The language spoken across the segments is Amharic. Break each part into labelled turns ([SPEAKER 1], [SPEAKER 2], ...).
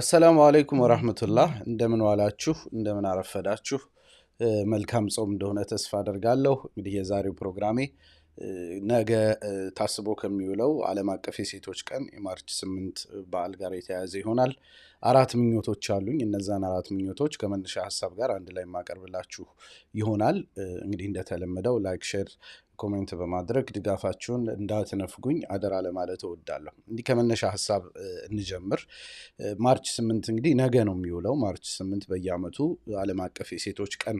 [SPEAKER 1] አሰላሙ አለይኩም ወራህመቱላህ። እንደምን ዋላችሁ፣ እንደምን አረፈዳችሁ። መልካም ጾም እንደሆነ ተስፋ አደርጋለሁ። እንግዲህ የዛሬው ፕሮግራሜ ነገ ታስቦ ከሚውለው አለም አቀፍ የሴቶች ቀን የማርች ስምንት በዓል ጋር የተያያዘ ይሆናል። አራት ምኞቶች አሉኝ። እነዛን አራት ምኞቶች ከመነሻ ሀሳብ ጋር አንድ ላይ የማቀርብላችሁ ይሆናል። እንግዲህ እንደተለመደው ላይክ፣ ሼር፣ ኮሜንት በማድረግ ድጋፋችሁን እንዳትነፍጉኝ አደራ ለማለት እወዳለሁ። እንዲህ ከመነሻ ሀሳብ እንጀምር። ማርች ስምንት እንግዲህ ነገ ነው የሚውለው። ማርች ስምንት በየአመቱ ዓለም አቀፍ የሴቶች ቀን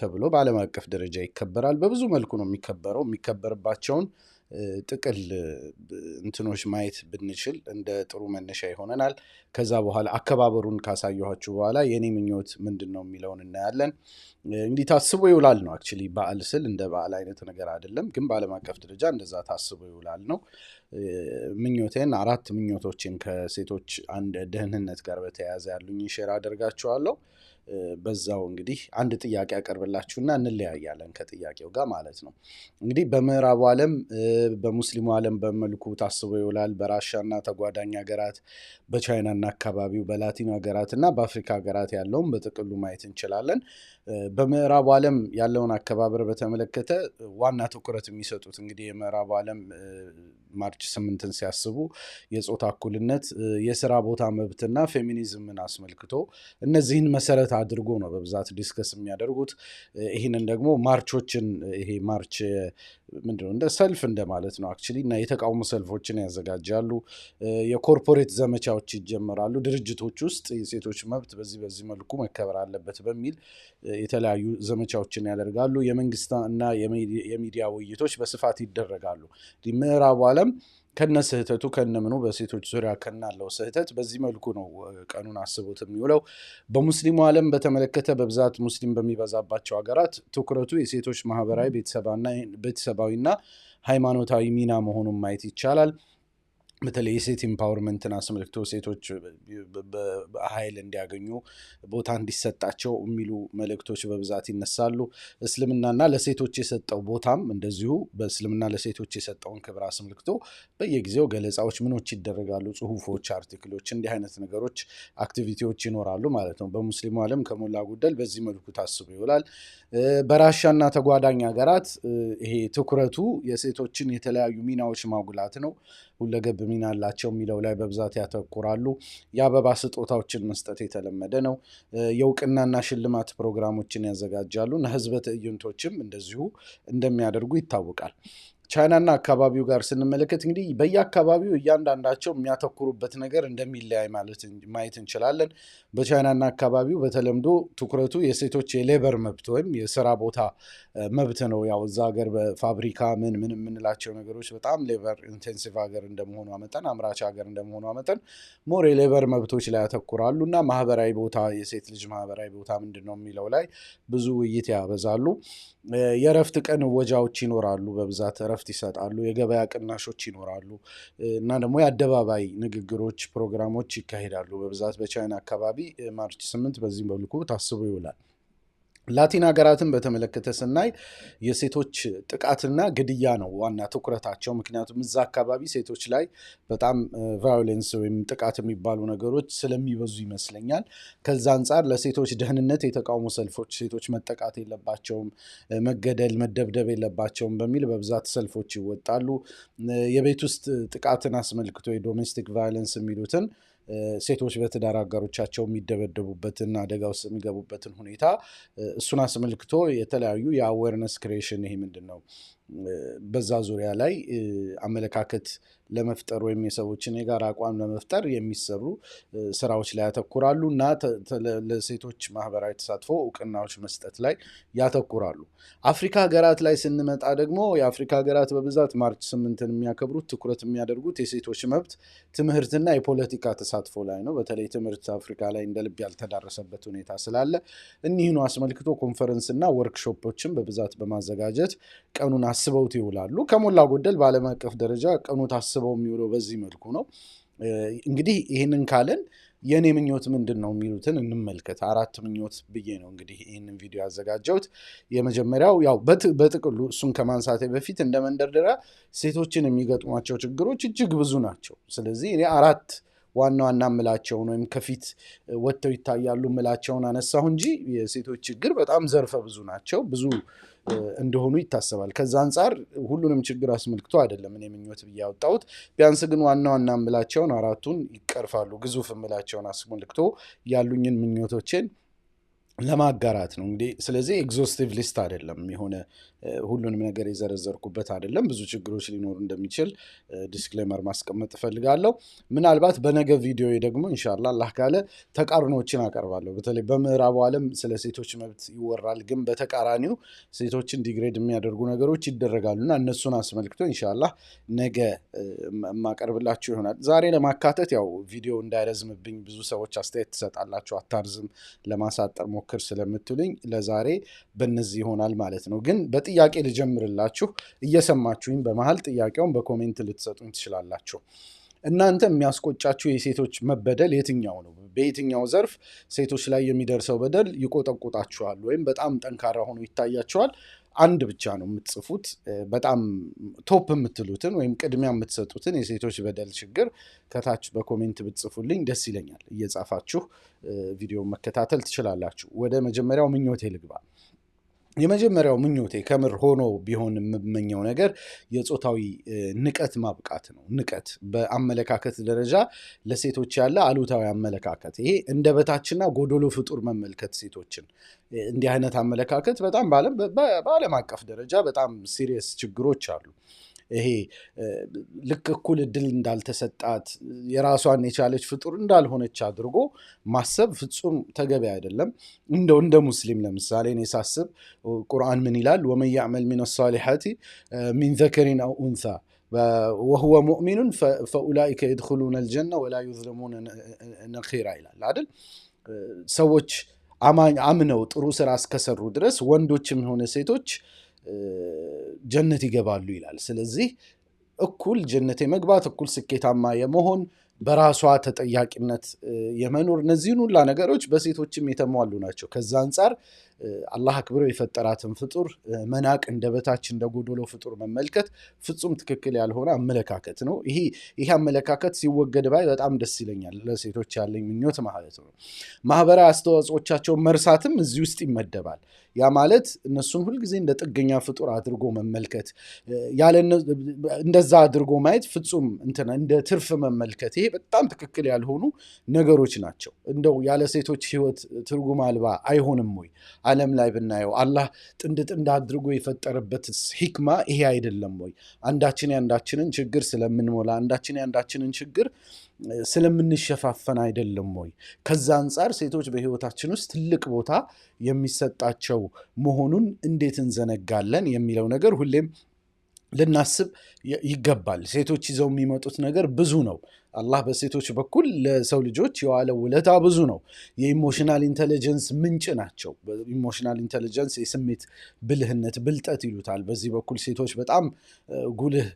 [SPEAKER 1] ተብሎ በዓለም አቀፍ ደረጃ ይከበራል። በብዙ መልኩ ነው የሚከበረው። የሚከበርባቸውን ጥቅል እንትኖች ማየት ብንችል እንደ ጥሩ መነሻ ይሆነናል። ከዛ በኋላ አከባበሩን ካሳየኋችሁ በኋላ የኔ ምኞት ምንድን ነው የሚለውን እናያለን። እንግዲህ ታስቦ ይውላል ነው አክቹዋሊ በዓል ስል እንደ በዓል አይነት ነገር አይደለም፣ ግን በዓለም አቀፍ ደረጃ እንደዛ ታስቦ ይውላል ነው። ምኞቴን አራት ምኞቶችን ከሴቶች አንድ ደህንነት ጋር በተያያዘ ያሉኝ ሼር አደርጋችኋለሁ። በዛው እንግዲህ አንድ ጥያቄ ያቀርብላችሁና እንለያያለን ከጥያቄው ጋር ማለት ነው። እንግዲህ በምዕራቡ ዓለም በሙስሊሙ ዓለም በመልኩ ታስቦ ይውላል። በራሻና ተጓዳኝ ሀገራት፣ በቻይናና አካባቢው፣ በላቲን ሀገራት እና በአፍሪካ ሀገራት ያለውን በጥቅሉ ማየት እንችላለን። በምዕራቡ ዓለም ያለውን አከባበር በተመለከተ ዋና ትኩረት የሚሰጡት እንግዲህ የምዕራቡ ዓለም ማርች ስምንትን ሲያስቡ የጾታ እኩልነት፣ የስራ ቦታ መብትና ፌሚኒዝምን አስመልክቶ እነዚህን መሰረት አድርጎ ነው በብዛት ዲስከስ የሚያደርጉት። ይህንን ደግሞ ማርቾችን ይሄ ማርች ምንድነው እንደ ሰልፍ እንደማለት ነው አክቹሊ እና የተቃውሞ ሰልፎችን ያዘጋጃሉ። የኮርፖሬት ዘመቻዎች ይጀመራሉ። ድርጅቶች ውስጥ የሴቶች መብት በዚህ በዚህ መልኩ መከበር አለበት በሚል የተለያዩ ዘመቻዎችን ያደርጋሉ። የመንግስት እና የሚዲያ ውይይቶች በስፋት ይደረጋሉ። ምዕራቡ አለም ከነ ስህተቱ ከነምኑ በሴቶች ዙሪያ ከናለው ስህተት በዚህ መልኩ ነው ቀኑን አስቦት የሚውለው። በሙስሊሙ ዓለም በተመለከተ በብዛት ሙስሊም በሚበዛባቸው ሀገራት ትኩረቱ የሴቶች ማህበራዊ ቤተሰባዊና ሃይማኖታዊ ሚና መሆኑን ማየት ይቻላል። በተለይ የሴት ኢምፓወርመንትን አስመልክቶ ሴቶች ኃይል እንዲያገኙ ቦታ እንዲሰጣቸው የሚሉ መልእክቶች በብዛት ይነሳሉ። እስልምናና ለሴቶች የሰጠው ቦታም እንደዚሁ በእስልምና ለሴቶች የሰጠውን ክብር አስመልክቶ በየጊዜው ገለጻዎች፣ ምኖች ይደረጋሉ፣ ጽሁፎች፣ አርቲክሎች፣ እንዲህ አይነት ነገሮች አክቲቪቲዎች ይኖራሉ ማለት ነው። በሙስሊሙ ዓለም ከሞላ ጎደል በዚህ መልኩ ታስቡ ይውላል። በራሻና ተጓዳኝ ሀገራት ይሄ ትኩረቱ የሴቶችን የተለያዩ ሚናዎች ማጉላት ነው ሁለገብ ሚና አላቸው የሚለው ላይ በብዛት ያተኩራሉ። የአበባ ስጦታዎችን መስጠት የተለመደ ነው። የእውቅናና ሽልማት ፕሮግራሞችን ያዘጋጃሉ እና ህዝበ ትዕይንቶችም እንደዚሁ እንደሚያደርጉ ይታወቃል። ቻይናና አካባቢው ጋር ስንመለከት እንግዲህ በየአካባቢው እያንዳንዳቸው የሚያተኩሩበት ነገር እንደሚለያይ ማለት ማየት እንችላለን። በቻይናና አካባቢው በተለምዶ ትኩረቱ የሴቶች የሌበር መብት ወይም የስራ ቦታ መብት ነው። ያው እዛ ሀገር በፋብሪካ ምን ምን የምንላቸው ነገሮች በጣም ሌበር ኢንቴንሲቭ ሀገር እንደመሆኗ መጠን፣ አምራች ሀገር እንደመሆኗ መጠን ሞር የሌበር መብቶች ላይ ያተኩራሉ እና ማህበራዊ ቦታ የሴት ልጅ ማህበራዊ ቦታ ምንድን ነው የሚለው ላይ ብዙ ውይይት ያበዛሉ። የእረፍት ቀን ወጃዎች ይኖራሉ በብዛት እረፍት ይሰጣሉ፣ የገበያ ቅናሾች ይኖራሉ እና ደግሞ የአደባባይ ንግግሮች፣ ፕሮግራሞች ይካሄዳሉ። በብዛት በቻይና አካባቢ ማርች ስምንት በዚህም በልኩ ታስቦ ይውላል። ላቲን ሀገራትን በተመለከተ ስናይ የሴቶች ጥቃትና ግድያ ነው ዋና ትኩረታቸው። ምክንያቱም እዛ አካባቢ ሴቶች ላይ በጣም ቫዮሌንስ ወይም ጥቃት የሚባሉ ነገሮች ስለሚበዙ ይመስለኛል። ከዛ አንጻር ለሴቶች ደህንነት የተቃውሞ ሰልፎች ሴቶች መጠቃት የለባቸውም፣ መገደል፣ መደብደብ የለባቸውም በሚል በብዛት ሰልፎች ይወጣሉ። የቤት ውስጥ ጥቃትን አስመልክቶ የዶሜስቲክ ቫዮሌንስ የሚሉትን ሴቶች በትዳር አጋሮቻቸው የሚደበደቡበትን አደጋ ውስጥ የሚገቡበትን ሁኔታ እሱን አስመልክቶ የተለያዩ የአዌርነስ ክሬሽን ይሄ ምንድን ነው በዛ ዙሪያ ላይ አመለካከት ለመፍጠር ወይም የሰዎችን የጋራ አቋም ለመፍጠር የሚሰሩ ስራዎች ላይ ያተኩራሉ እና ለሴቶች ማህበራዊ ተሳትፎ እውቅናዎች መስጠት ላይ ያተኩራሉ። አፍሪካ ሀገራት ላይ ስንመጣ ደግሞ የአፍሪካ ሀገራት በብዛት ማርች ስምንትን የሚያከብሩት ትኩረት የሚያደርጉት የሴቶች መብት ትምህርትና የፖለቲካ ተሳትፎ ላይ ነው። በተለይ ትምህርት አፍሪካ ላይ እንደ ልብ ያልተዳረሰበት ሁኔታ ስላለ እኒህኑ አስመልክቶ ኮንፈረንስና ወርክሾፖችን በብዛት በማዘጋጀት ቀኑን አስበውት ይውላሉ። ከሞላ ጎደል በዓለም አቀፍ ደረጃ ቀኑ ታስ ሳስበው የሚውለው በዚህ መልኩ ነው። እንግዲህ ይህንን ካለን የእኔ ምኞት ምንድን ነው የሚሉትን እንመልከት። አራት ምኞት ብዬ ነው እንግዲህ ይህንን ቪዲዮ ያዘጋጀሁት። የመጀመሪያው ያው በጥቅሉ እሱን ከማንሳቴ በፊት እንደ መንደርደሪያ ሴቶችን የሚገጥሟቸው ችግሮች እጅግ ብዙ ናቸው። ስለዚህ እኔ አራት ዋና ዋና ምላቸውን ወይም ከፊት ወጥተው ይታያሉ ምላቸውን አነሳሁ እንጂ የሴቶች ችግር በጣም ዘርፈ ብዙ ናቸው ብዙ እንደሆኑ ይታሰባል። ከዛ አንጻር ሁሉንም ችግር አስመልክቶ አይደለም እኔ ምኞት ብዬ ያወጣሁት። ቢያንስ ግን ዋና ዋና ምላቸውን አራቱን ይቀርፋሉ። ግዙፍ ምላቸውን አስመልክቶ ያሉኝን ምኞቶችን ለማጋራት ነው እንግዲህ። ስለዚህ ኤግዞስቲቭ ሊስት አይደለም የሆነ ሁሉንም ነገር የዘረዘርኩበት አይደለም። ብዙ ችግሮች ሊኖሩ እንደሚችል ዲስክሌመር ማስቀመጥ እፈልጋለሁ። ምናልባት በነገ ቪዲዮ ደግሞ እንሻላ አላህ ካለ ተቃርኖዎችን አቀርባለሁ። በተለይ በምዕራቡ ዓለም ስለ ሴቶች መብት ይወራል፣ ግን በተቃራኒው ሴቶችን ዲግሬድ የሚያደርጉ ነገሮች ይደረጋሉ እና እነሱን አስመልክቶ እንሻላ ነገ የማቀርብላችሁ ይሆናል። ዛሬ ለማካተት ያው ቪዲዮ እንዳይረዝምብኝ ብዙ ሰዎች አስተያየት ትሰጣላችሁ፣ አታርዝም ለማሳጠር ሞክር ስለምትሉኝ ለዛሬ በነዚህ ይሆናል ማለት ነው ግን ጥያቄ ልጀምርላችሁ። እየሰማችሁኝ በመሀል ጥያቄውን በኮሜንት ልትሰጡኝ ትችላላችሁ። እናንተ የሚያስቆጫችሁ የሴቶች መበደል የትኛው ነው? በየትኛው ዘርፍ ሴቶች ላይ የሚደርሰው በደል ይቆጠቁጣችኋል ወይም በጣም ጠንካራ ሆኖ ይታያችኋል? አንድ ብቻ ነው የምትጽፉት። በጣም ቶፕ የምትሉትን ወይም ቅድሚያ የምትሰጡትን የሴቶች በደል ችግር ከታች በኮሜንት ብትጽፉልኝ ደስ ይለኛል። እየጻፋችሁ ቪዲዮ መከታተል ትችላላችሁ። ወደ መጀመሪያው ምኞቴ ልግባል። የመጀመሪያው ምኞቴ ከምር ሆኖ ቢሆን የምመኘው ነገር የጾታዊ ንቀት ማብቃት ነው። ንቀት በአመለካከት ደረጃ ለሴቶች ያለ አሉታዊ አመለካከት፣ ይሄ እንደ በታችና ጎዶሎ ፍጡር መመልከት ሴቶችን። እንዲህ አይነት አመለካከት በጣም በዓለም አቀፍ ደረጃ በጣም ሲሪየስ ችግሮች አሉ። ይሄ ልክ እኩል እድል እንዳልተሰጣት የራሷን የቻለች ፍጡር እንዳልሆነች አድርጎ ማሰብ ፍጹም ተገቢ አይደለም። እንደው እንደ ሙስሊም ለምሳሌ እኔ ሳስብ ቁርአን ምን ይላል? ወመን ያዕመል ሚን አሳሊሐቲ ሚን ዘከሪን አው ኡንሳ ወህወ ሙእሚኑን ፈኡላይከ የድኹሉነ ልጀና ወላ ዩዝለሙነ ነኪራ ይላል አይደል? ሰዎች አምነው ጥሩ ስራ እስከሰሩ ድረስ ወንዶችም የሆነ ሴቶች ጀነት ይገባሉ ይላል። ስለዚህ እኩል ጀነት የመግባት እኩል ስኬታማ የመሆን በራሷ ተጠያቂነት የመኖር እነዚህን ሁላ ነገሮች በሴቶችም የተሟሉ ናቸው። ከዛ አንጻር አላህ አክብሮ የፈጠራትን ፍጡር መናቅ እንደ በታች እንደ ጎዶሎ ፍጡር መመልከት ፍጹም ትክክል ያልሆነ አመለካከት ነው። ይሄ ይህ አመለካከት ሲወገድ ባይ በጣም ደስ ይለኛል። ለሴቶች ያለኝ ምኞት ማለት ነው። ማህበራዊ አስተዋጽኦቻቸውን መርሳትም እዚህ ውስጥ ይመደባል። ያ ማለት እነሱን ሁልጊዜ እንደ ጥገኛ ፍጡር አድርጎ መመልከት፣ ያለ እንደዛ አድርጎ ማየት ፍጹም እንትን እንደ ትርፍ መመልከት ይሄ በጣም ትክክል ያልሆኑ ነገሮች ናቸው። እንደው ያለ ሴቶች ህይወት ትርጉም አልባ አይሆንም ወይ? ዓለም ላይ ብናየው አላህ ጥንድ ጥንድ አድርጎ የፈጠረበት ሂክማ ይሄ አይደለም ወይ? አንዳችን የአንዳችንን ችግር ስለምንሞላ፣ አንዳችን የአንዳችንን ችግር ስለምንሸፋፈን አይደለም ወይ? ከዛ አንጻር ሴቶች በህይወታችን ውስጥ ትልቅ ቦታ የሚሰጣቸው መሆኑን እንዴት እንዘነጋለን የሚለው ነገር ሁሌም ልናስብ ይገባል። ሴቶች ይዘው የሚመጡት ነገር ብዙ ነው። አላህ በሴቶች በኩል ለሰው ልጆች የዋለ ውለታ ብዙ ነው። የኢሞሽናል ኢንቴሊጀንስ ምንጭ ናቸው። ኢሞሽናል ኢንቴሊጀንስ የስሜት ብልህነት፣ ብልጠት ይሉታል። በዚህ በኩል ሴቶች በጣም ጉልህ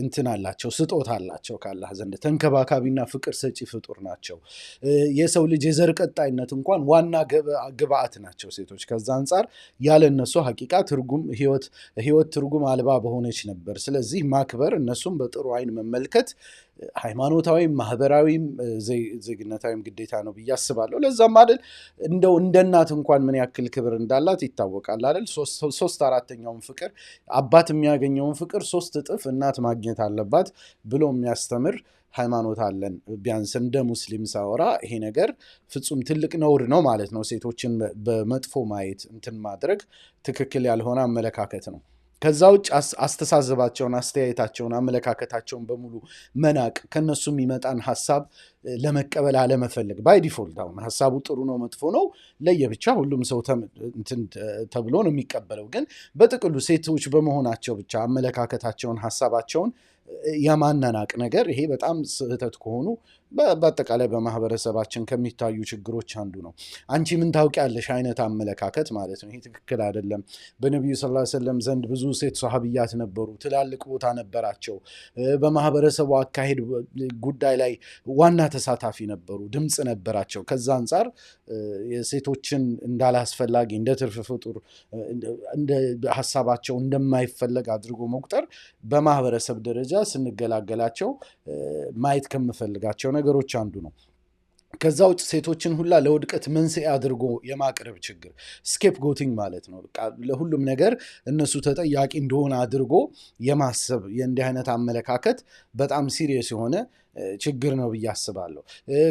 [SPEAKER 1] እንትን አላቸው ስጦታ አላቸው ካላህ ዘንድ ተንከባካቢና ፍቅር ሰጪ ፍጡር ናቸው። የሰው ልጅ የዘር ቀጣይነት እንኳን ዋና ግብአት ናቸው ሴቶች። ከዛ አንጻር ያለ እነሱ ሀቂቃ ትርጉም ህይወት ትርጉም አልባ በሆነች ነበር። ስለዚህ ማክበር፣ እነሱም በጥሩ አይን መመልከት ሃይማኖታዊም ማህበራዊም ዜግነታዊም ግዴታ ነው ብዬ አስባለሁ። ለዛም አይደል እንደው እንደ እንኳን ምን ያክል ክብር እንዳላት ይታወቃል አይደል? ሶስት አራተኛውን ፍቅር አባት የሚያገኘውን ፍቅር ሶስት እጥፍ እናት ማግኘት አለባት ብሎ የሚያስተምር ሃይማኖት አለን። ቢያንስ እንደ ሙስሊም ሳወራ ይሄ ነገር ፍጹም ትልቅ ነውር ነው ማለት ነው። ሴቶችን በመጥፎ ማየት እንትን ማድረግ ትክክል ያልሆነ አመለካከት ነው። ከዛ ውጭ አስተሳሰባቸውን፣ አስተያየታቸውን፣ አመለካከታቸውን በሙሉ መናቅ ከነሱ የሚመጣን ሀሳብ ለመቀበል አለመፈለግ ባይ ዲፎልት። አሁን ሀሳቡ ጥሩ ነው መጥፎ ነው ለየብቻ ሁሉም ሰው ተብሎ ነው የሚቀበለው። ግን በጥቅሉ ሴቶች በመሆናቸው ብቻ አመለካከታቸውን፣ ሀሳባቸውን የማናናቅ ነገር ይሄ በጣም ስህተት ከሆኑ በአጠቃላይ በማህበረሰባችን ከሚታዩ ችግሮች አንዱ ነው። አንቺ ምን ታውቂያለሽ አይነት አመለካከት ማለት ነው። ይሄ ትክክል አይደለም። በነቢዩ ስ ሰለም ዘንድ ብዙ ሴት ሰሃብያት ነበሩ። ትላልቅ ቦታ ነበራቸው። በማህበረሰቡ አካሄድ ጉዳይ ላይ ዋና ተሳታፊ ነበሩ። ድምፅ ነበራቸው። ከዛ አንጻር የሴቶችን እንዳላስፈላጊ እንደ ትርፍ ፍጡር እንደ ሀሳባቸው እንደማይፈለግ አድርጎ መቁጠር በማህበረሰብ ደረጃ ስንገላገላቸው ማየት ከምፈልጋቸው ነገሮች አንዱ ነው። ከዛ ውጭ ሴቶችን ሁላ ለውድቀት መንስኤ አድርጎ የማቅረብ ችግር ስኬፕ ጎቲንግ ማለት ነው። ለሁሉም ነገር እነሱ ተጠያቂ እንደሆነ አድርጎ የማሰብ የእንዲህ አይነት አመለካከት በጣም ሲሪየስ የሆነ ችግር ነው ብዬ አስባለሁ።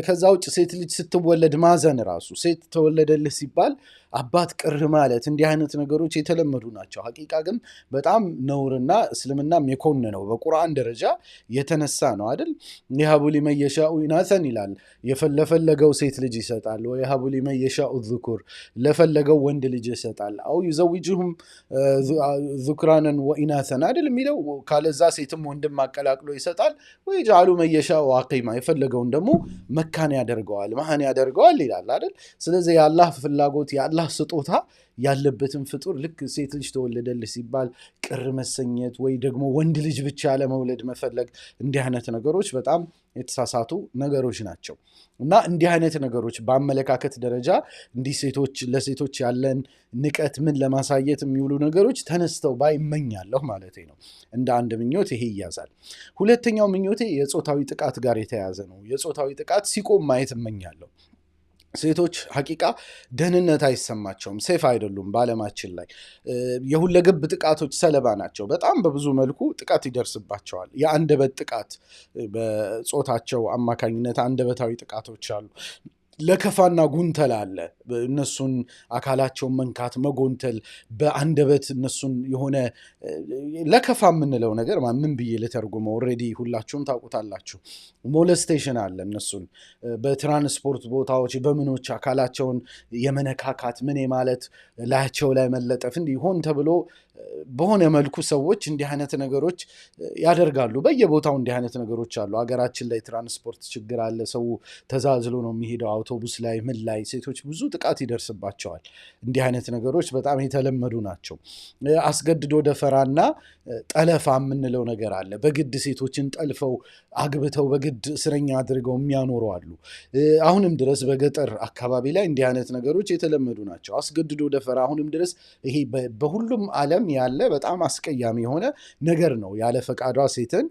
[SPEAKER 1] ከዛ ውጭ ሴት ልጅ ስትወለድ ማዘን ራሱ ሴት ተወለደልህ ሲባል አባት ቅር ማለት እንዲህ አይነት ነገሮች የተለመዱ ናቸው። ሀቂቃ ግን በጣም ነውርና እስልምናም የኮን ነው። በቁርአን ደረጃ የተነሳ ነው አይደል? የሀቡ መየሻኡ የሻኡ ኢናተን ይላል። የፈለፈለገው ሴት ልጅ ይሰጣል። ወየሀቡ ሊመን የሻኡ ዙኩር፣ ለፈለገው ወንድ ልጅ ይሰጣል። አው ዩዘዊጅሁም ዙክራንን ወኢናተን አይደል የሚለው። ካለዛ ሴትም ወንድም አቀላቅሎ ይሰጣል። ወይ ጃሉ መየሻ የሻው አቂማ የፈለገውን ደግሞ መካን ያደርገዋል መሀን ያደርገዋል ይላል አይደል? ስለዚህ የአላህ ፍላጎት የአላህ ስጦታ ያለበትን ፍጡር ልክ ሴት ልጅ ተወለደልህ ሲባል ቅር መሰኘት ወይ ደግሞ ወንድ ልጅ ብቻ ለመውለድ መፈለግ እንዲህ አይነት ነገሮች በጣም የተሳሳቱ ነገሮች ናቸው እና እንዲህ አይነት ነገሮች በአመለካከት ደረጃ እንዲህ ሴቶች ለሴቶች ያለን ንቀት ምን ለማሳየት የሚውሉ ነገሮች ተነስተው ባይመኛለሁ ማለት ነው። እንደ አንድ ምኞት ይሄ ይያዛል። ሁለተኛው ምኞቴ የጾታዊ ጥቃት ጋር የተያያዘ ነው። የጾታዊ ጥቃት ሲቆም ማየት እመኛለሁ። ሴቶች ሀቂቃ ደህንነት አይሰማቸውም፣ ሴፍ አይደሉም። በዓለማችን ላይ የሁለገብ ጥቃቶች ሰለባ ናቸው። በጣም በብዙ መልኩ ጥቃት ይደርስባቸዋል። የአንደበት ጥቃት በጾታቸው አማካኝነት አንደበታዊ ጥቃቶች አሉ። ለከፋና ጉንተል አለ። እነሱን አካላቸውን መንካት፣ መጎንተል፣ በአንደበት እነሱን የሆነ ለከፋ የምንለው ነገር ምን ብዬ ልተርጉመው? ኦልሬዲ ሁላችሁም ታውቁታላችሁ። ሞለስቴሽን አለ። እነሱን በትራንስፖርት ቦታዎች በምኖች አካላቸውን የመነካካት ምን ማለት ላያቸው ላይ መለጠፍ እንዲህ ሆን ተብሎ በሆነ መልኩ ሰዎች እንዲህ አይነት ነገሮች ያደርጋሉ። በየቦታው እንዲህ አይነት ነገሮች አሉ። ሀገራችን ላይ ትራንስፖርት ችግር አለ። ሰው ተዛዝሎ ነው የሚሄደው። አውቶቡስ ላይ ምን ላይ ሴቶች ብዙ ጥቃት ይደርስባቸዋል። እንዲህ አይነት ነገሮች በጣም የተለመዱ ናቸው። አስገድዶ ደፈራና ጠለፋ የምንለው ነገር አለ። በግድ ሴቶችን ጠልፈው አግብተው በግድ እስረኛ አድርገው የሚያኖሩ አሉ። አሁንም ድረስ በገጠር አካባቢ ላይ እንዲህ አይነት ነገሮች የተለመዱ ናቸው። አስገድዶ ደፈራ አሁንም ድረስ ይሄ በሁሉም አለም ዓለም ያለ በጣም አስቀያሚ የሆነ ነገር ነው። ያለ ፈቃዷ ሴትን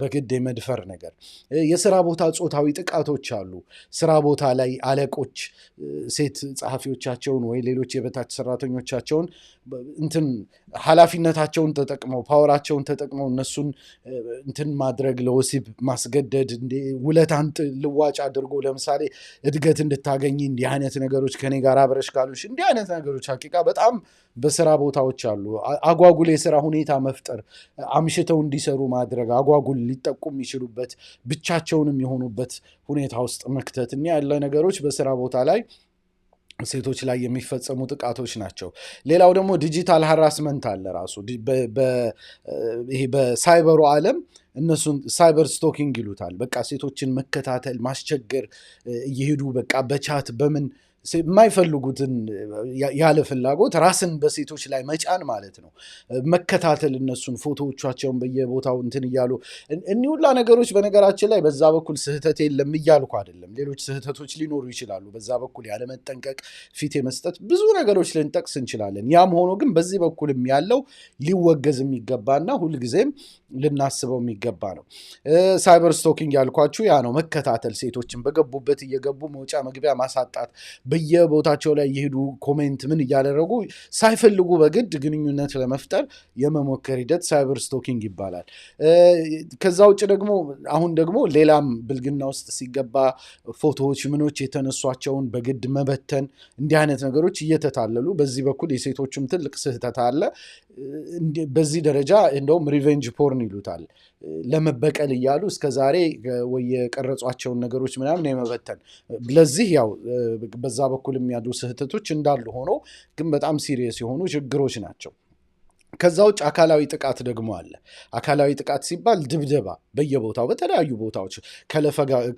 [SPEAKER 1] በግድ የመድፈር ነገር። የስራ ቦታ ጾታዊ ጥቃቶች አሉ። ስራ ቦታ ላይ አለቆች ሴት ጸሐፊዎቻቸውን ወይ ሌሎች የበታች ሰራተኞቻቸውን እንትን ኃላፊነታቸውን ተጠቅመው ፓወራቸውን ተጠቅመው እነሱን እንትን ማድረግ ለወሲብ ማስገደድ፣ አንጥ ልዋጭ አድርጎ ለምሳሌ እድገት እንድታገኝ እንዲህ አይነት ነገሮች ከኔ ጋር አብረሽ ካሉሽ እንዲህ አይነት ነገሮች ሀቂቃ በጣም በስራ ቦታዎች አሉ። አጓጉል የስራ ሁኔታ መፍጠር፣ አምሽተው እንዲሰሩ ማድረግ በአጓጉል ሊጠቁ የሚችሉበት ብቻቸውንም የሆኑበት ሁኔታ ውስጥ መክተት እኒ ያለ ነገሮች በስራ ቦታ ላይ ሴቶች ላይ የሚፈጸሙ ጥቃቶች ናቸው። ሌላው ደግሞ ዲጂታል ሃራስመንት አለ። ራሱ ይሄ በሳይበሩ ዓለም እነሱን ሳይበር ስቶኪንግ ይሉታል። በቃ ሴቶችን መከታተል፣ ማስቸገር እየሄዱ በቃ በቻት በምን የማይፈልጉትን ያለ ፍላጎት ራስን በሴቶች ላይ መጫን ማለት ነው። መከታተል እነሱን ፎቶዎቻቸውን በየቦታው እንትን እያሉ እኒሁላ ነገሮች በነገራችን ላይ በዛ በኩል ስህተት የለም እያልኩ አይደለም። ሌሎች ስህተቶች ሊኖሩ ይችላሉ። በዛ በኩል ያለመጠንቀቅ፣ ፊት የመስጠት ብዙ ነገሮች ልንጠቅስ እንችላለን። ያም ሆኖ ግን በዚህ በኩልም ያለው ሊወገዝ የሚገባና ሁልጊዜም ልናስበው የሚገባ ነው። ሳይበር ስቶኪንግ ያልኳችሁ ያ ነው። መከታተል ሴቶችን በገቡበት እየገቡ መውጫ መግቢያ ማሳጣት በየቦታቸው ላይ እየሄዱ ኮሜንት ምን እያደረጉ ሳይፈልጉ በግድ ግንኙነት ለመፍጠር የመሞከር ሂደት ሳይበር ስቶኪንግ ይባላል። ከዛ ውጭ ደግሞ አሁን ደግሞ ሌላም ብልግና ውስጥ ሲገባ ፎቶዎች ምኖች የተነሷቸውን በግድ መበተን፣ እንዲህ አይነት ነገሮች እየተታለሉ በዚህ በኩል የሴቶችም ትልቅ ስህተት አለ። በዚህ ደረጃ እንደውም ሪቨንጅ ፖርን ይሉታል። ለመበቀል እያሉ እስከ ዛሬ ወይ የቀረጿቸውን ነገሮች ምናምን የመበተን ለዚህ ያው በዛ በኩል ያሉ ስህተቶች እንዳሉ ሆኖ ግን በጣም ሲሪየስ የሆኑ ችግሮች ናቸው። ከዛ ውጭ አካላዊ ጥቃት ደግሞ አለ። አካላዊ ጥቃት ሲባል ድብደባ በየቦታው በተለያዩ ቦታዎች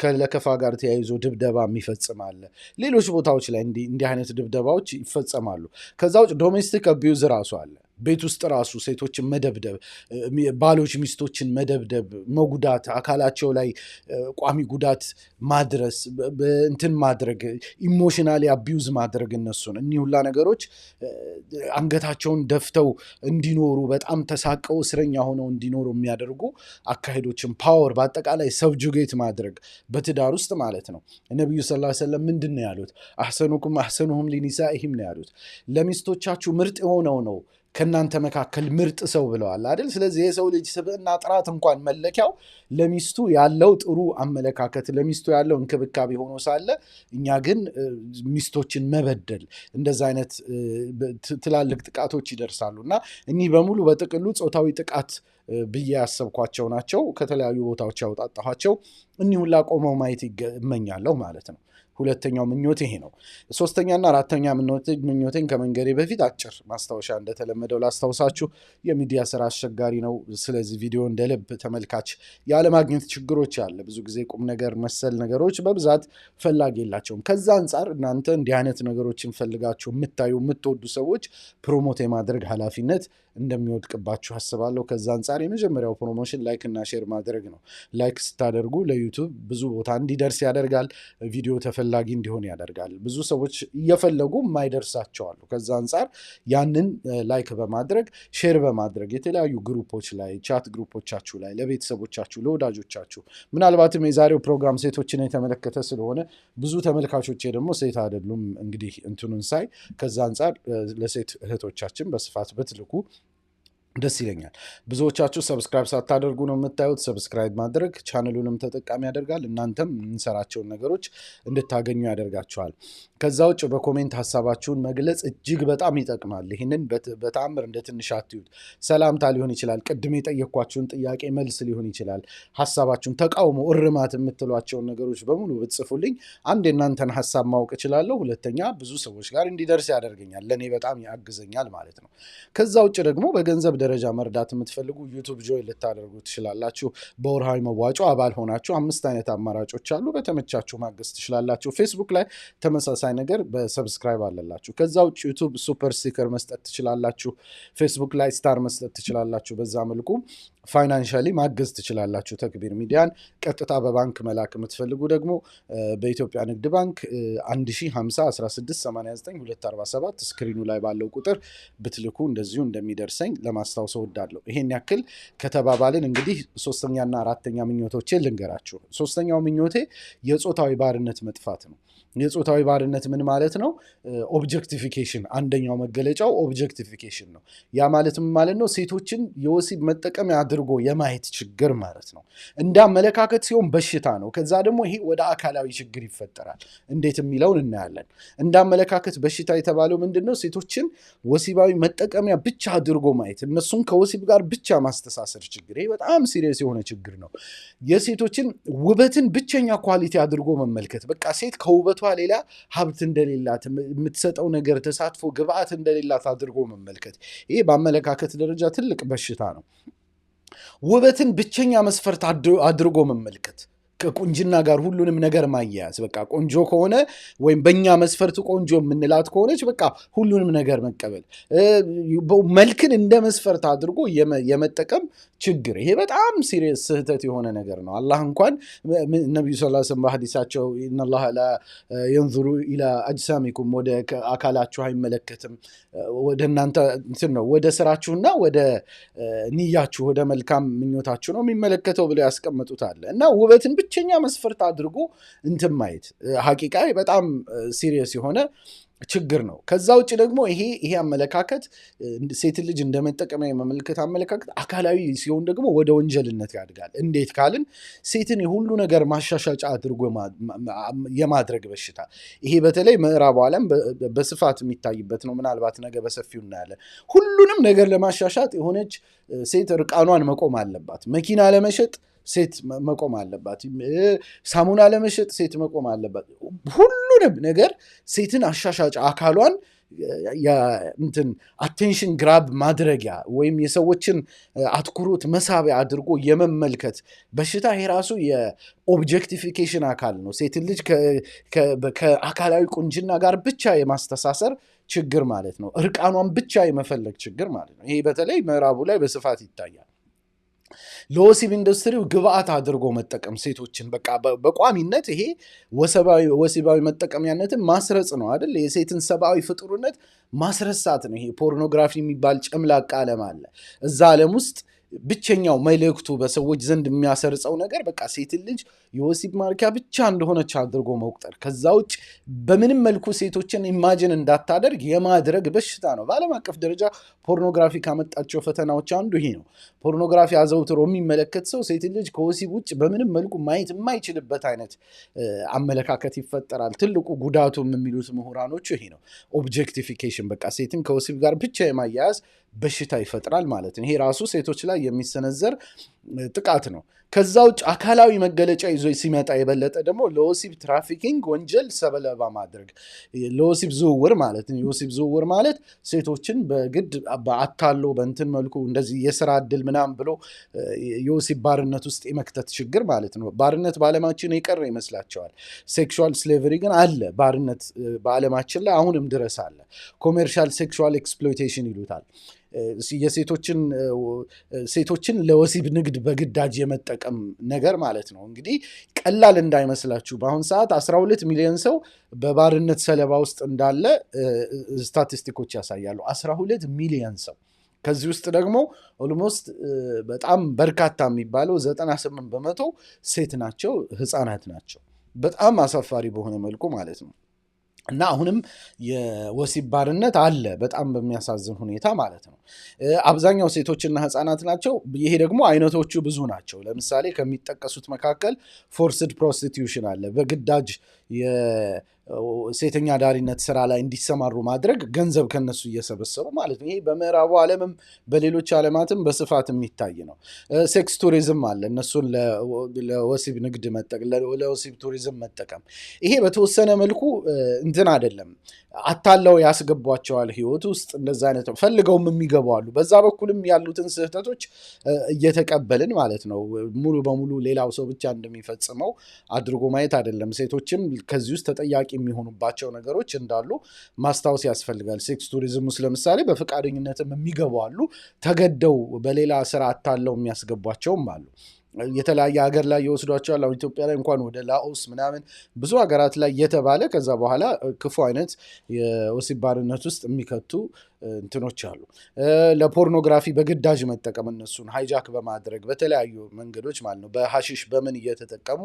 [SPEAKER 1] ከለከፋ ጋር ተያይዞ ድብደባ የሚፈጽም አለ። ሌሎች ቦታዎች ላይ እንዲህ አይነት ድብደባዎች ይፈጸማሉ። ከዛ ውጭ ዶሜስቲክ አቢዩዝ ራሱ አለ። ቤት ውስጥ ራሱ ሴቶችን መደብደብ፣ ባሎች ሚስቶችን መደብደብ፣ መጉዳት፣ አካላቸው ላይ ቋሚ ጉዳት ማድረስ፣ እንትን ማድረግ፣ ኢሞሽናሊ አቢውዝ ማድረግ እነሱን እኒህ ሁላ ነገሮች አንገታቸውን ደፍተው እንዲኖሩ በጣም ተሳቀው እስረኛ ሆነው እንዲኖሩ የሚያደርጉ አካሄዶችን ፓወር በአጠቃላይ ሰብጁጌት ማድረግ በትዳር ውስጥ ማለት ነው። ነቢዩ ሰለላሁ ሰለም ምንድን ነው ያሉት? አሰኑሁም ሊኒሳ ይህም ነው ያሉት። ለሚስቶቻችሁ ምርጥ የሆነው ነው ከእናንተ መካከል ምርጥ ሰው ብለዋል አይደል? ስለዚህ የሰው ልጅ ስብዕና ጥራት እንኳን መለኪያው ለሚስቱ ያለው ጥሩ አመለካከት፣ ለሚስቱ ያለው እንክብካቤ ሆኖ ሳለ እኛ ግን ሚስቶችን መበደል፣ እንደዛ አይነት ትላልቅ ጥቃቶች ይደርሳሉ እና እኒህ በሙሉ በጥቅሉ ጾታዊ ጥቃት ብዬ ያሰብኳቸው ናቸው። ከተለያዩ ቦታዎች ያውጣጣኋቸው እኒህ ሁላ ቆመው ማየት ይመኛለሁ ማለት ነው። ሁለተኛው ምኞት ይሄ ነው። ሶስተኛና አራተኛ ምኞቴን ከመንገዴ በፊት አጭር ማስታወሻ እንደተለመደው ላስታውሳችሁ። የሚዲያ ስራ አስቸጋሪ ነው። ስለዚህ ቪዲዮ እንደ ልብ ተመልካች ያለማግኘት ችግሮች አለ። ብዙ ጊዜ ቁም ነገር መሰል ነገሮች በብዛት ፈላጊ የላቸውም። ከዛ አንጻር እናንተ እንዲህ አይነት ነገሮችን ፈልጋችሁ የምታዩ የምትወዱ ሰዎች ፕሮሞት የማድረግ ኃላፊነት እንደሚወድቅባችሁ አስባለሁ። ከዛ አንጻር የመጀመሪያው ፕሮሞሽን ላይክ እና ሼር ማድረግ ነው። ላይክ ስታደርጉ ለዩቱብ ብዙ ቦታ እንዲደርስ ያደርጋል። ቪዲዮ ተፈላጊ እንዲሆን ያደርጋል። ብዙ ሰዎች እየፈለጉ የማይደርሳቸዋሉ። ከዛ አንጻር ያንን ላይክ በማድረግ ሼር በማድረግ የተለያዩ ግሩፖች ላይ ቻት ግሩፖቻችሁ ላይ ለቤተሰቦቻችሁ፣ ለወዳጆቻችሁ ምናልባትም የዛሬው ፕሮግራም ሴቶችን የተመለከተ ስለሆነ ብዙ ተመልካቾቼ ደግሞ ሴት አይደሉም። እንግዲህ እንትኑን ሳይ ከዛ አንጻር ለሴት እህቶቻችን በስፋት ብትልኩ ደስ ይለኛል። ብዙዎቻችሁ ሰብስክራይብ ሳታደርጉ ነው የምታዩት። ሰብስክራይብ ማድረግ ቻነሉንም ተጠቃሚ ያደርጋል፣ እናንተም የምንሰራቸውን ነገሮች እንድታገኙ ያደርጋችኋል። ከዛ ውጭ በኮሜንት ሀሳባችሁን መግለጽ እጅግ በጣም ይጠቅማል። ይህንን በተአምር እንደ ትንሽ አትዩት። ሰላምታ ሊሆን ይችላል፣ ቅድም የጠየኳችሁን ጥያቄ መልስ ሊሆን ይችላል። ሀሳባችሁን፣ ተቃውሞ፣ እርማት የምትሏቸውን ነገሮች በሙሉ ብትጽፉልኝ አንድ የእናንተን ሀሳብ ማወቅ እችላለሁ፣ ሁለተኛ ብዙ ሰዎች ጋር እንዲደርስ ያደርገኛል፣ ለእኔ በጣም ያግዘኛል ማለት ነው። ከዛ ውጭ ደግሞ በገንዘብ ደረጃ መርዳት የምትፈልጉ ዩቱብ ጆይ ልታደርጉ ትችላላችሁ። በወርሃዊ መዋጮ አባል ሆናችሁ አምስት አይነት አማራጮች አሉ። በተመቻችሁ ማገዝ ትችላላችሁ። ፌስቡክ ላይ ተመሳሳይ ነገር በሰብስክራይብ አለላችሁ። ከዛ ውጭ ዩቱብ ሱፐር ስቲከር መስጠት ትችላላችሁ። ፌስቡክ ላይ ስታር መስጠት ትችላላችሁ። በዛ መልኩ ፋይናንሻሊ ማገዝ ትችላላችሁ ተክቢር ሚዲያን። ቀጥታ በባንክ መላክ የምትፈልጉ ደግሞ በኢትዮጵያ ንግድ ባንክ 1050 ስክሪኑ ላይ ባለው ቁጥር ብትልኩ እንደዚሁ እንደሚደርሰኝ ለማስታውሰ እወዳለሁ። ይሄን ያክል ከተባባልን እንግዲህ ሶስተኛና አራተኛ ምኞቶቼ ልንገራችሁ። ሶስተኛው ምኞቴ የጾታዊ ባርነት መጥፋት ነው። የፆታዊ ባርነት በዋናነት ምን ማለት ነው? ኦብጀክቲፊኬሽን አንደኛው መገለጫው ኦብጀክቲፊኬሽን ነው። ያ ማለት ምን ማለት ነው? ሴቶችን የወሲብ መጠቀሚያ አድርጎ የማየት ችግር ማለት ነው። እንደ አመለካከት ሲሆን በሽታ ነው። ከዛ ደግሞ ይሄ ወደ አካላዊ ችግር ይፈጠራል። እንዴት የሚለውን እናያለን። እንደ አመለካከት በሽታ የተባለው ምንድን ነው? ሴቶችን ወሲባዊ መጠቀሚያ ብቻ አድርጎ ማየት፣ እነሱን ከወሲብ ጋር ብቻ ማስተሳሰር ችግር። ይሄ በጣም ሲሪየስ የሆነ ችግር ነው። የሴቶችን ውበትን ብቸኛ ኳሊቲ አድርጎ መመልከት፣ በቃ ሴት ከውበቷ ሌላ ሀብት እንደሌላት የምትሰጠው ነገር ተሳትፎ ግብአት እንደሌላት አድርጎ መመልከት ይሄ በአመለካከት ደረጃ ትልቅ በሽታ ነው። ውበትን ብቸኛ መስፈርት አድርጎ መመልከት ከቁንጅና ጋር ሁሉንም ነገር ማያያዝ በቃ ቆንጆ ከሆነ ወይም በእኛ መስፈርት ቆንጆ የምንላት ከሆነች በቃ ሁሉንም ነገር መቀበል፣ መልክን እንደ መስፈርት አድርጎ የመጠቀም ችግር። ይሄ በጣም ሲሪየስ ስህተት የሆነ ነገር ነው። አላህ እንኳን ነቢዩ ስ ስም በሀዲሳቸው ኢነላህ ላ የንዙሩ ኢላ አጅሳሚኩም ወደ አካላችሁ አይመለከትም ወደ እናንተ እንትን ነው ወደ ስራችሁና ወደ ንያችሁ ወደ መልካም ምኞታችሁ ነው የሚመለከተው ያስቀመጡት አለ እና ውበትን ብቻ ብቸኛ መስፈርት አድርጎ እንትን ማየት ሀቂቃ በጣም ሲሪየስ የሆነ ችግር ነው። ከዛ ውጭ ደግሞ ይሄ ይሄ አመለካከት ሴት ልጅ እንደመጠቀሚያ የመመልከት አመለካከት አካላዊ ሲሆን ደግሞ ወደ ወንጀልነት ያድጋል። እንዴት ካልን ሴትን የሁሉ ነገር ማሻሻጫ አድርጎ የማድረግ በሽታ ይሄ በተለይ ምዕራቡ ዓለም በስፋት የሚታይበት ነው። ምናልባት ነገ በሰፊው እናያለን። ሁሉንም ነገር ለማሻሻጥ የሆነች ሴት እርቃኗን መቆም አለባት። መኪና ለመሸጥ ሴት መቆም አለባት። ሳሙና ለመሸጥ ሴት መቆም አለባት። ሁሉንም ነገር ሴትን አሻሻጭ አካሏን እንትን አቴንሽን ግራብ ማድረጊያ ወይም የሰዎችን አትኩሮት መሳቢያ አድርጎ የመመልከት በሽታ የራሱ የኦብጀክቲፊኬሽን አካል ነው። ሴትን ልጅ ከአካላዊ ቁንጅና ጋር ብቻ የማስተሳሰር ችግር ማለት ነው። እርቃኗን ብቻ የመፈለግ ችግር ማለት ነው። ይሄ በተለይ ምዕራቡ ላይ በስፋት ይታያል። ለወሲብ ኢንዱስትሪው ግብአት አድርጎ መጠቀም ሴቶችን በቃ በቋሚነት ይሄ ወሲባዊ መጠቀሚያነትን ማስረጽ ነው አይደል? የሴትን ሰብአዊ ፍጡርነት ማስረሳት ነው። ይሄ ፖርኖግራፊ የሚባል ጨምላቃ ዓለም አለ። እዛ ዓለም ውስጥ ብቸኛው መልእክቱ በሰዎች ዘንድ የሚያሰርጸው ነገር በቃ ሴት ልጅ የወሲብ ማርኪያ ብቻ እንደሆነች አድርጎ መቁጠር፣ ከዛ ውጭ በምንም መልኩ ሴቶችን ኢማጅን እንዳታደርግ የማድረግ በሽታ ነው። በዓለም አቀፍ ደረጃ ፖርኖግራፊ ካመጣቸው ፈተናዎች አንዱ ይሄ ነው። ፖርኖግራፊ አዘውትሮ የሚመለከት ሰው ሴት ልጅ ከወሲብ ውጭ በምንም መልኩ ማየት የማይችልበት አይነት አመለካከት ይፈጠራል። ትልቁ ጉዳቱ የሚሉት ምሁራኖቹ ይሄ ነው። ኦብጀክቲፊኬሽን በቃ ሴትን ከወሲብ ጋር ብቻ የማያያዝ በሽታ ይፈጥራል ማለት ነው። ይሄ ራሱ ሴቶች ላይ የሚሰነዘር ጥቃት ነው። ከዛ ውጭ አካላዊ መገለጫ ይዞ ሲመጣ የበለጠ ደግሞ ለወሲብ ትራፊኪንግ ወንጀል ሰበለባ ማድረግ፣ ለወሲብ ዝውውር ማለት ነው። የወሲብ ዝውውር ማለት ሴቶችን በግድ በአታሎ በእንትን መልኩ እንደዚህ የስራ እድል ምናምን ብሎ የወሲብ ባርነት ውስጥ የመክተት ችግር ማለት ነው። ባርነት በዓለማችን የቀረ ይመስላቸዋል። ሴክሹዋል ስሌቨሪ ግን አለ። ባርነት በዓለማችን ላይ አሁንም ድረስ አለ። ኮሜርሻል ሴክሹዋል ኤክስፕሎይቴሽን ይሉታል። የሴቶችን ሴቶችን ለወሲብ ንግድ በግዳጅ የመጠቀም ነገር ማለት ነው። እንግዲህ ቀላል እንዳይመስላችሁ በአሁን ሰዓት 12 ሚሊዮን ሰው በባርነት ሰለባ ውስጥ እንዳለ ስታቲስቲኮች ያሳያሉ። 12 ሚሊዮን ሰው ከዚህ ውስጥ ደግሞ ኦልሞስት በጣም በርካታ የሚባለው 98 በመቶ ሴት ናቸው፣ ህፃናት ናቸው። በጣም አሳፋሪ በሆነ መልኩ ማለት ነው። እና አሁንም የወሲብ ባርነት አለ፣ በጣም በሚያሳዝን ሁኔታ ማለት ነው። አብዛኛው ሴቶችና ህፃናት ናቸው። ይሄ ደግሞ አይነቶቹ ብዙ ናቸው። ለምሳሌ ከሚጠቀሱት መካከል ፎርስድ ፕሮስቲቱሽን አለ፣ በግዳጅ ሴተኛ ዳሪነት ስራ ላይ እንዲሰማሩ ማድረግ ገንዘብ ከነሱ እየሰበሰቡ ማለት ነው። ይሄ በምዕራቡ ዓለምም በሌሎች ዓለማትም በስፋት የሚታይ ነው። ሴክስ ቱሪዝም አለ። እነሱን ለወሲብ ንግድ መጠቀም፣ ለወሲብ ቱሪዝም መጠቀም ይሄ በተወሰነ መልኩ እንትን አይደለም፣ አታለው ያስገቧቸዋል ህይወት ውስጥ እንደዛ አይነት ነው። ፈልገውም የሚገቡ አሉ። በዛ በኩልም ያሉትን ስህተቶች እየተቀበልን ማለት ነው። ሙሉ በሙሉ ሌላው ሰው ብቻ እንደሚፈጽመው አድርጎ ማየት አይደለም። ሴቶችም ከዚህ ውስጥ ተጠያቂ የሚሆኑባቸው ነገሮች እንዳሉ ማስታወስ ያስፈልጋል። ሴክስ ቱሪዝም ውስጥ ለምሳሌ በፈቃደኝነትም የሚገቡ አሉ፣ ተገደው በሌላ ስራ አታለው የሚያስገቧቸውም አሉ። የተለያየ ሀገር ላይ የወስዷቸዋል። አሁን ኢትዮጵያ ላይ እንኳን ወደ ላኦስ ምናምን ብዙ ሀገራት ላይ የተባለ ከዛ በኋላ ክፉ አይነት የወሲብ ባርነት ውስጥ የሚከቱ እንትኖች አሉ። ለፖርኖግራፊ በግዳጅ መጠቀም እነሱን ሃይጃክ በማድረግ በተለያዩ መንገዶች ማለት ነው። በሀሽሽ በምን እየተጠቀሙ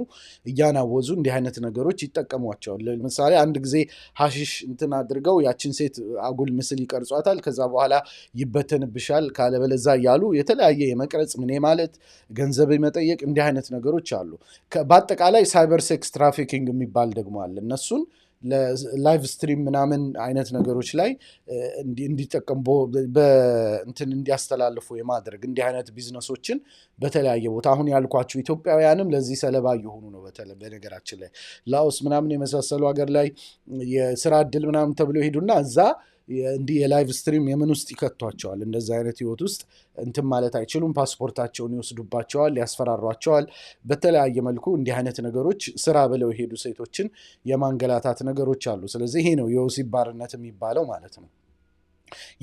[SPEAKER 1] እያናወዙ እንዲህ አይነት ነገሮች ይጠቀሟቸዋል። ለምሳሌ አንድ ጊዜ ሀሽሽ እንትን አድርገው ያችን ሴት አጉል ምስል ይቀርጿታል። ከዛ በኋላ ይበተንብሻል ካለበለዛ እያሉ የተለያየ የመቅረጽ ምኔ ማለት ገንዘብ መጠየቅ እንዲህ አይነት ነገሮች አሉ። በአጠቃላይ ሳይበር ሴክስ ትራፊኪንግ የሚባል ደግሞ አለ እነሱን ለላይቭ ስትሪም ምናምን አይነት ነገሮች ላይ እንዲጠቀም እንትን እንዲያስተላልፉ የማድረግ እንዲህ አይነት ቢዝነሶችን በተለያየ ቦታ አሁን ያልኳቸው ኢትዮጵያውያንም ለዚህ ሰለባ እየሆኑ ነው። በተለይ በነገራችን ላይ ላኦስ ምናምን የመሳሰሉ ሀገር ላይ የስራ እድል ምናምን ተብሎ ሄዱና እዛ እንዲህ የላይቭ ስትሪም የምን ውስጥ ይከቷቸዋል። እንደዚህ አይነት ህይወት ውስጥ እንትን ማለት አይችሉም። ፓስፖርታቸውን ይወስዱባቸዋል፣ ያስፈራሯቸዋል። በተለያየ መልኩ እንዲህ አይነት ነገሮች ስራ ብለው የሄዱ ሴቶችን የማንገላታት ነገሮች አሉ። ስለዚህ ይሄ ነው የወሲብ ባርነት የሚባለው ማለት ነው።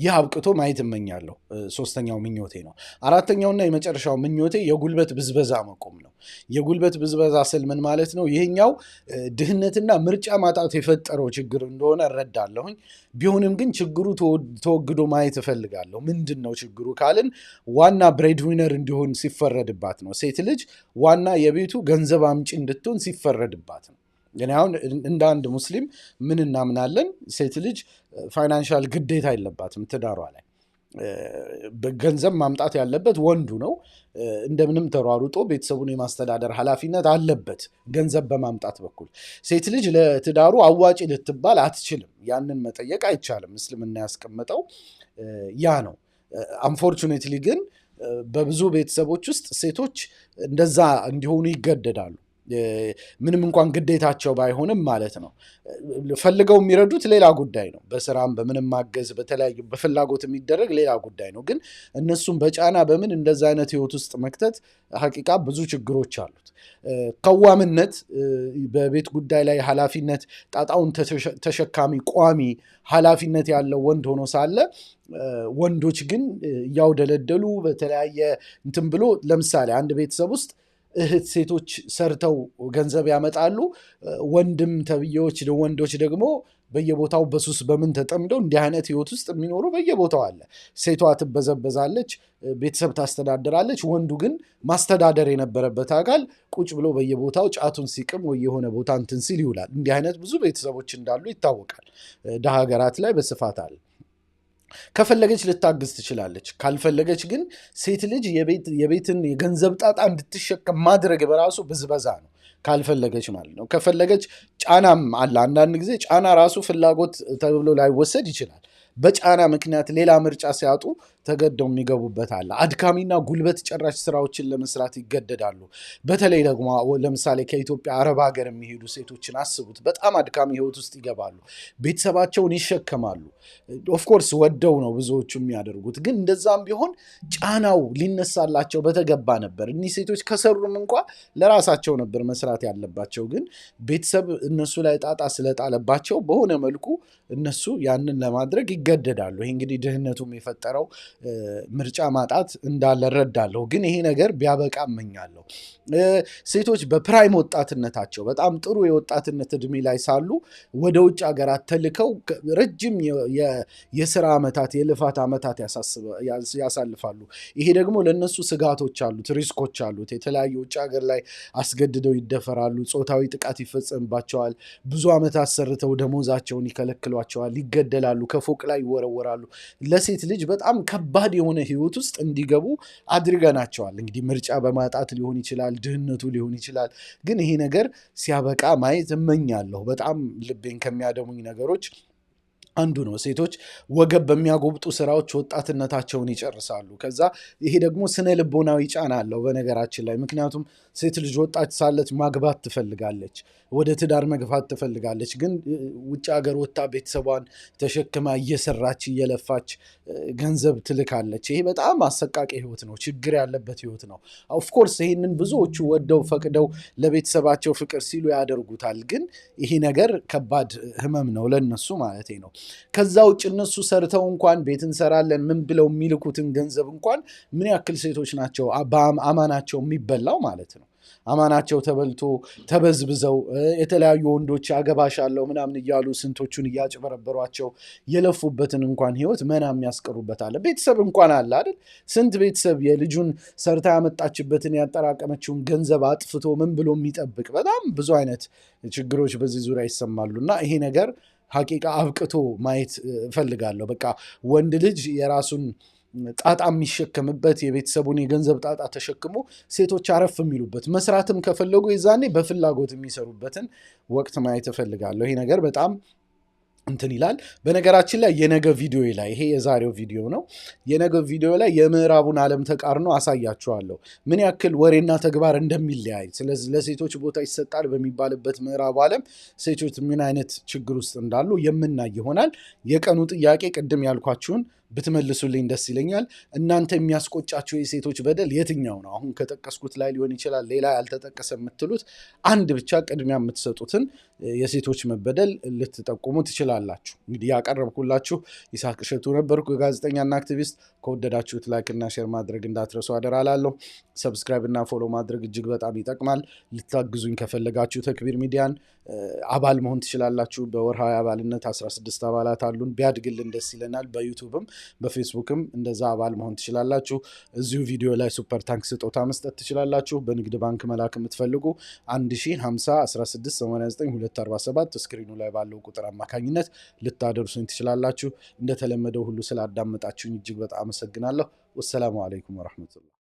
[SPEAKER 1] ይህ አብቅቶ ማየት እመኛለሁ። ሶስተኛው ምኞቴ ነው። አራተኛውና የመጨረሻው ምኞቴ የጉልበት ብዝበዛ መቆም ነው። የጉልበት ብዝበዛ ስል ምን ማለት ነው? ይህኛው ድህነትና ምርጫ ማጣት የፈጠረው ችግር እንደሆነ እረዳለሁኝ። ቢሆንም ግን ችግሩ ተወግዶ ማየት እፈልጋለሁ። ምንድን ነው ችግሩ ካልን ዋና ብሬድዊነር እንዲሆን ሲፈረድባት ነው። ሴት ልጅ ዋና የቤቱ ገንዘብ አምጪ እንድትሆን ሲፈረድባት ነው። እኔ አሁን እንደ አንድ ሙስሊም ምን እናምናለን? ሴት ልጅ ፋይናንሻል ግዴታ የለባትም ትዳሯ ላይ ገንዘብ ማምጣት ያለበት ወንዱ ነው። እንደምንም ተሯሩጦ ቤተሰቡን የማስተዳደር ሀላፊነት አለበት ገንዘብ በማምጣት በኩል። ሴት ልጅ ለትዳሩ አዋጪ ልትባል አትችልም። ያንን መጠየቅ አይቻልም። እስልምና ያስቀመጠው ያ ነው። አንፎርቹኔትሊ ግን በብዙ ቤተሰቦች ውስጥ ሴቶች እንደዛ እንዲሆኑ ይገደዳሉ። ምንም እንኳን ግዴታቸው ባይሆንም ማለት ነው። ፈልገው የሚረዱት ሌላ ጉዳይ ነው። በስራም በምንም ማገዝ በተለያዩ በፍላጎት የሚደረግ ሌላ ጉዳይ ነው። ግን እነሱም በጫና በምን እንደዛ አይነት ህይወት ውስጥ መክተት ሀቂቃ ብዙ ችግሮች አሉት። ከዋምነት በቤት ጉዳይ ላይ ኃላፊነት፣ ጣጣውን ተሸካሚ ቋሚ ኃላፊነት ያለው ወንድ ሆኖ ሳለ ወንዶች ግን እያውደለደሉ በተለያየ እንትን ብሎ ለምሳሌ አንድ ቤተሰብ ውስጥ እህት ሴቶች ሰርተው ገንዘብ ያመጣሉ። ወንድም ተብዬዎች ወንዶች ደግሞ በየቦታው በሱስ በምን ተጠምደው እንዲህ አይነት ህይወት ውስጥ የሚኖሩ በየቦታው አለ። ሴቷ ትበዘበዛለች፣ ቤተሰብ ታስተዳድራለች። ወንዱ ግን ማስተዳደር የነበረበት አካል ቁጭ ብሎ በየቦታው ጫቱን ሲቅም ወይ የሆነ ቦታ እንትን ሲል ይውላል። እንዲህ አይነት ብዙ ቤተሰቦች እንዳሉ ይታወቃል። ደሀ ሀገራት ላይ በስፋት አለ። ከፈለገች ልታግዝ ትችላለች። ካልፈለገች ግን ሴት ልጅ የቤትን የገንዘብ ጣጣ እንድትሸከም ማድረግ በራሱ ብዝበዛ ነው። ካልፈለገች ማለት ነው። ከፈለገች ጫናም አለ። አንዳንድ ጊዜ ጫና ራሱ ፍላጎት ተብሎ ላይወሰድ ይችላል። በጫና ምክንያት ሌላ ምርጫ ሲያጡ ተገደው የሚገቡበት አለ። አድካሚና ጉልበት ጨራሽ ስራዎችን ለመስራት ይገደዳሉ። በተለይ ደግሞ ለምሳሌ ከኢትዮጵያ አረብ ሀገር የሚሄዱ ሴቶችን አስቡት። በጣም አድካሚ ህይወት ውስጥ ይገባሉ። ቤተሰባቸውን ይሸከማሉ። ኦፍኮርስ ወደው ነው ብዙዎቹ የሚያደርጉት። ግን እንደዛም ቢሆን ጫናው ሊነሳላቸው በተገባ ነበር። እኒህ ሴቶች ከሰሩም እንኳ ለራሳቸው ነበር መስራት ያለባቸው። ግን ቤተሰብ እነሱ ላይ ጣጣ ስለጣለባቸው በሆነ መልኩ እነሱ ያንን ለማድረግ ይገደዳሉ። ይህ እንግዲህ ድህነቱም የፈጠረው ምርጫ ማጣት እንዳለ እረዳለሁ፣ ግን ይሄ ነገር ቢያበቃ እመኛለሁ። ሴቶች በፕራይም ወጣትነታቸው በጣም ጥሩ የወጣትነት እድሜ ላይ ሳሉ ወደ ውጭ ሀገራት ተልከው ረጅም የስራ ዓመታት የልፋት ዓመታት ያሳልፋሉ። ይሄ ደግሞ ለእነሱ ስጋቶች አሉት፣ ሪስኮች አሉት። የተለያዩ ውጭ ሀገር ላይ አስገድደው ይደፈራሉ፣ ፆታዊ ጥቃት ይፈጸምባቸዋል፣ ብዙ ዓመት ሰርተው ደሞዛቸውን ይከለክሏቸዋል፣ ይገደላሉ፣ ከፎቅ ላይ ይወረወራሉ። ለሴት ልጅ በጣም ከባድ የሆነ ህይወት ውስጥ እንዲገቡ አድርገናቸዋል። እንግዲህ ምርጫ በማጣት ሊሆን ይችላል፣ ድህነቱ ሊሆን ይችላል። ግን ይሄ ነገር ሲያበቃ ማየት እመኛለሁ። በጣም ልቤን ከሚያደሙኝ ነገሮች አንዱ ነው። ሴቶች ወገብ በሚያጎብጡ ስራዎች ወጣትነታቸውን ይጨርሳሉ። ከዛ ይሄ ደግሞ ስነ ልቦናዊ ጫና አለው በነገራችን ላይ ምክንያቱም ሴት ልጅ ወጣት ሳለች ማግባት ትፈልጋለች፣ ወደ ትዳር መግፋት ትፈልጋለች። ግን ውጭ ሀገር ወጣ ቤተሰቧን ተሸክማ እየሰራች እየለፋች ገንዘብ ትልካለች። ይሄ በጣም አሰቃቂ ህይወት ነው፣ ችግር ያለበት ህይወት ነው። ኦፍኮርስ ይህንን ብዙዎቹ ወደው ፈቅደው ለቤተሰባቸው ፍቅር ሲሉ ያደርጉታል። ግን ይሄ ነገር ከባድ ህመም ነው ለነሱ ማለት ነው። ከዛ ውጭ እነሱ ሰርተው እንኳን ቤት እንሰራለን ምን ብለው የሚልኩትን ገንዘብ እንኳን ምን ያክል ሴቶች ናቸው አማናቸው የሚበላው ማለት ነው። አማናቸው ተበልቶ ተበዝብዘው የተለያዩ ወንዶች አገባሻለሁ ምናምን እያሉ ስንቶቹን እያጭበረበሯቸው የለፉበትን እንኳን ህይወት መና የሚያስቀሩበት አለ። ቤተሰብ እንኳን አለ አይደል? ስንት ቤተሰብ የልጁን ሰርታ ያመጣችበትን ያጠራቀመችውን ገንዘብ አጥፍቶ ምን ብሎ የሚጠብቅ በጣም ብዙ አይነት ችግሮች በዚህ ዙሪያ ይሰማሉ እና ይሄ ነገር ሀቂቃ አብቅቶ ማየት እፈልጋለሁ። በቃ ወንድ ልጅ የራሱን ጣጣ የሚሸከምበት የቤተሰቡን የገንዘብ ጣጣ ተሸክሞ ሴቶች አረፍ የሚሉበት መስራትም ከፈለጉ የዛኔ በፍላጎት የሚሰሩበትን ወቅት ማየት እፈልጋለሁ። ይሄ ነገር በጣም እንትን ይላል። በነገራችን ላይ የነገ ቪዲዮ ላይ ይሄ የዛሬው ቪዲዮ ነው። የነገ ቪዲዮ ላይ የምዕራቡን ዓለም ተቃርኖ አሳያችኋለሁ፣ ምን ያክል ወሬና ተግባር እንደሚለያይ፣ ስለዚህ ለሴቶች ቦታ ይሰጣል በሚባልበት ምዕራቡ ዓለም ሴቶች ምን አይነት ችግር ውስጥ እንዳሉ የምናይ ይሆናል። የቀኑ ጥያቄ ቅድም ያልኳችሁን ብትመልሱልኝ ደስ ይለኛል። እናንተ የሚያስቆጫቸው የሴቶች በደል የትኛው ነው? አሁን ከጠቀስኩት ላይ ሊሆን ይችላል። ሌላ ያልተጠቀሰ የምትሉት አንድ ብቻ ቅድሚያ የምትሰጡትን የሴቶች መበደል ልትጠቁሙ ትችላላችሁ። እንግዲህ ያቀረብኩላችሁ ይስሐቅ እሸቱ ነበርኩ፣ ጋዜጠኛና አክቲቪስት። ከወደዳችሁት ላይክና ሼር ማድረግ እንዳትረሱ አደራ ላለሁ። ሰብስክራይብ እና ፎሎ ማድረግ እጅግ በጣም ይጠቅማል። ልታግዙኝ ከፈለጋችሁ ተክቢር ሚዲያን አባል መሆን ትችላላችሁ። በወርሃዊ አባልነት 16 አባላት አሉን። ቢያድግልን ደስ ይለናል። በዩቱብም በፌስቡክም እንደዛ አባል መሆን ትችላላችሁ። እዚሁ ቪዲዮ ላይ ሱፐር ታንክ ስጦታ መስጠት ትችላላችሁ። በንግድ ባንክ መላክ የምትፈልጉ 1050 1689 ስክሪኑ ላይ ባለው ቁጥር አማካኝነት ልታደርሱኝ ትችላላችሁ። እንደተለመደው ሁሉ ስላዳመጣችሁኝ እጅግ በጣም አመሰግናለሁ። ወሰላሙ አለይኩም ወረሕመቱላህ።